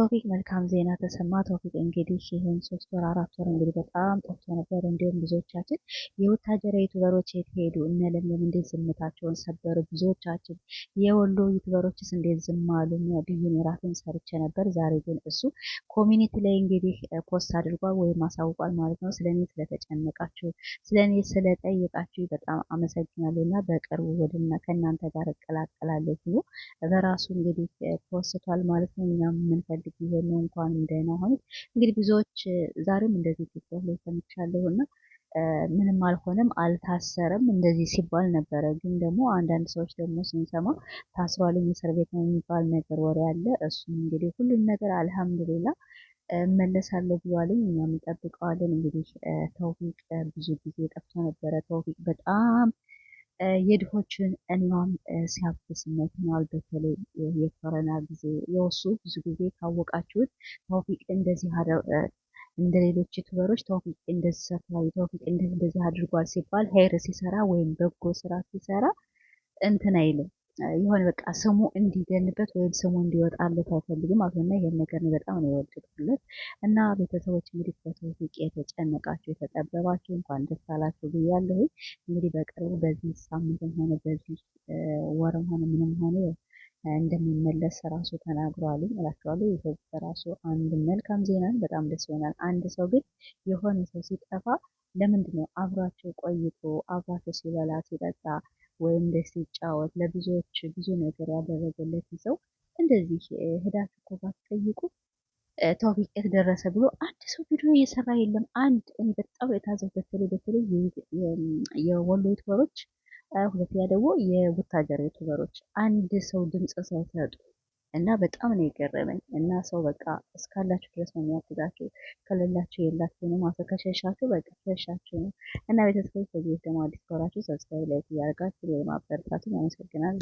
ተውፊቅ መልካም ዜና ተሰማ። ተውፊቅ እንግዲህ ይህን ሶስት ወር አራት ወር እንግዲህ በጣም ጠፍቶ ነበር። እንዲሁም ብዙዎቻችን የወታደራዊ ዩቱበሮች የት ሄዱ? እነ ለምለም እንዴት ዝምታቸውን ሰበሩ? ብዙዎቻችን የወሎ ዩቱበሮችስ እንዴት ዝም አሉ? ብይን የራሴን ሰርቼ ነበር። ዛሬ ግን እሱ ኮሚኒቲ ላይ እንግዲህ ፖስት አድርጓል ወይም አሳውቋል ማለት ነው። ስለኔ ስለተጨነቃችሁ፣ ስለኔ ስለጠየቃችሁ በጣም አመሰግናለሁ እና በቅርቡ ወደና ከእናንተ ጋር እቀላቀላለሁ ብሎ በራሱ እንግዲህ ፖስቷል ማለት ነው። እኛም የምንፈልግ እንግዲህ ይሄን እንኳን ደህና ሆነች። እንግዲህ ብዙዎች ዛሬም እንደዚህ ኢትዮጵያ ላይ ሰምቻለሁ እና ምንም አልሆነም አልታሰረም እንደዚህ ሲባል ነበረ። ግን ደግሞ አንዳንድ ሰዎች ደግሞ ስንሰማ ታስሯል እስር ቤት ነው የሚባል ነገር ወሬ አለ። እሱም እንግዲህ ሁሉም ነገር አልሐምዱሊላ እመለሳለሁ ብሏልኝ እኛም እንጠብቀዋለን። እንግዲህ ተውፊቅ ብዙ ጊዜ ጠፍቶ ነበረ። ተውፊቅ በጣም የድሆችን እናም ሲያብስ መተናል። በተለይ የኮረና ጊዜ የወሱ ብዙ ጊዜ ካወቃችሁት ተውፊቅ እንደዚህ እንደ ሌሎች ዩቱበሮች ተውፊቅ እንደዚህ ሰርተዋል፣ ተውፊቅ እንደዚህ እንደዚህ አድርጓል ሲባል ሄር ሲሰራ ወይም በጎ ስራ ሲሰራ እንትን አይልም። የሆነ በቃ ስሙ እንዲገንበት ወይም ስሙ እንዲወጣለት አይፈልግም ማለት ነው። ይሄን ነገር በጣም ነው የወደድኩለት እና ቤተሰቦች እንግዲህ በተውፊቅ የተጨነቃችሁ የተጠበባችሁ እንኳን ደስ አላችሁ ብያለሁ። እንግዲህ በቅርቡ በዚህ ሳምንትም ሆነ በዚህ ወርም ሆነ ምንም ሆነ እንደሚመለስ ራሱ ተናግሯል እላቸዋለሁ። ይሄ በራሱ አንድ መልካም ዜና ነው። በጣም ደስ ይሆናል። አንድ ሰው ግን የሆነ ሰው ሲጠፋ ለምንድን ነው አብሯቸው ቆይቶ አብሯቸው ሲበላ ሲጠጣ ወይም ደስ ሲጫወት ለብዙዎች ብዙ ነገር ያደረገለት ሰው እንደዚህ ሄዳችሁ እኮ ባትጠይቁ ተውፊቅ የት ደረሰ ብሎ አንድ ሰው ቪዲዮ እየሰራ የለም። አንድ እኔ በጣም የታዘብ በተለይ በተለይ የወሎ ዩቱበሮች፣ ሁለተኛ ደግሞ የቡታጀራ ዩቱበሮች አንድ ሰው ድምፅ ሳይሰጡ እና በጣም ነው የገረመኝ። እና ሰው በቃ እስካላችሁ ድረስ ነው የሚያግዛችሁ፣ ከሌላችሁ የላችሁ ነው ማለት ከሸሻችሁ በቃ ሸሻችሁ ነው። እና ቤተሰቦች በዚህ ደግሞ አዲስ ከሆናችሁ ሰብስክራይብ፣ ላይክ እያደረጋችሁ የማበረታቱን ያመሰግናል።